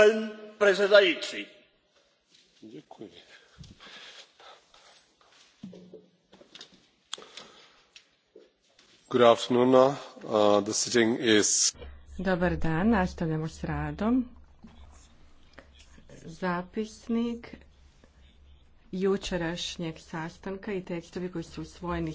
gospodine uh, dobar dan nastavljamo s radom zapisnik jučerašnjeg sastanka i tekstovi koji su usvojeni